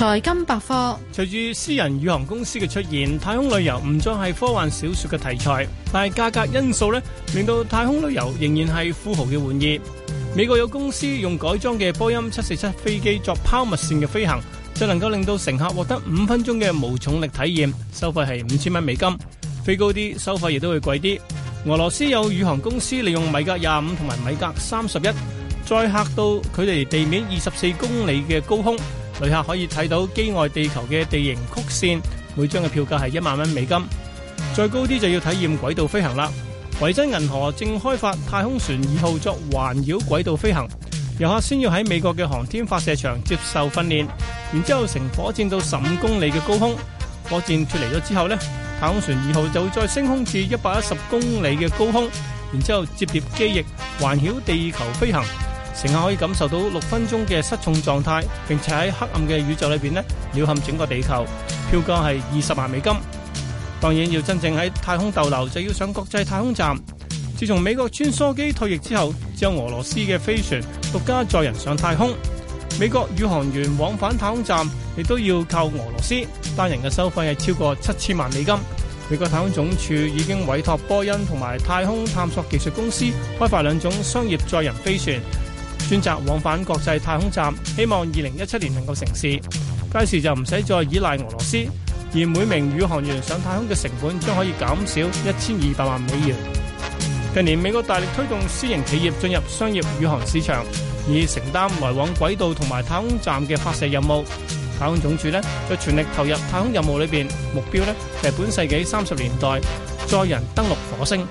財金百科。隨住私人宇航公司嘅出現，太空旅遊唔再係科幻小說嘅題材，但係價格因素呢，令到太空旅遊仍然係富豪嘅玩意。美國有公司用改裝嘅波音七四七飛機作拋物線嘅飛行，就能夠令到乘客獲得五分鐘嘅無重力體驗，收費係五千蚊美金。飛高啲，收費亦都會貴啲。俄羅斯有宇航公司利用米格廿五同埋米格三十一，載客到距離地面二十四公里嘅高空。旅客可以睇到機外地球嘅地形曲線，每張嘅票價係一萬蚊美金。再高啲就要體驗軌道飛行啦。維珍銀河正開發太空船二號作環繞軌道飛行。遊客先要喺美國嘅航天發射場接受訓練，然之後乘火箭到十五公里嘅高空。火箭脫離咗之後呢，太空船二號就會再升空至一百一十公里嘅高空，然之後摺疊機翼環繞地球飛行。乘客可以感受到六分鐘嘅失重狀態，並且喺黑暗嘅宇宙裏邊呢，鳥瞰整個地球。票價係二十萬美金。當然，要真正喺太空逗留，就要上國際太空站。自從美國穿梭機退役之後，只有俄羅斯嘅飛船獨家載人上太空。美國宇航員往返太空站亦都要靠俄羅斯。單人嘅收費係超過七千萬美金。美國太空總署已經委託波音同埋太空探索技術公司開發兩種商業載人飛船。選擇往返國際太空站，希望2017年能夠成事。屆時就唔使再依賴俄羅斯，而每名宇航員上太空嘅成本將可以減少1200萬美元。近年美國大力推動私營企業進入商業宇航市場，以承擔來往軌道同埋太空站嘅發射任務。太空總署呢就全力投入太空任務裏邊，目標呢係本世紀三十年代載人登陸火星。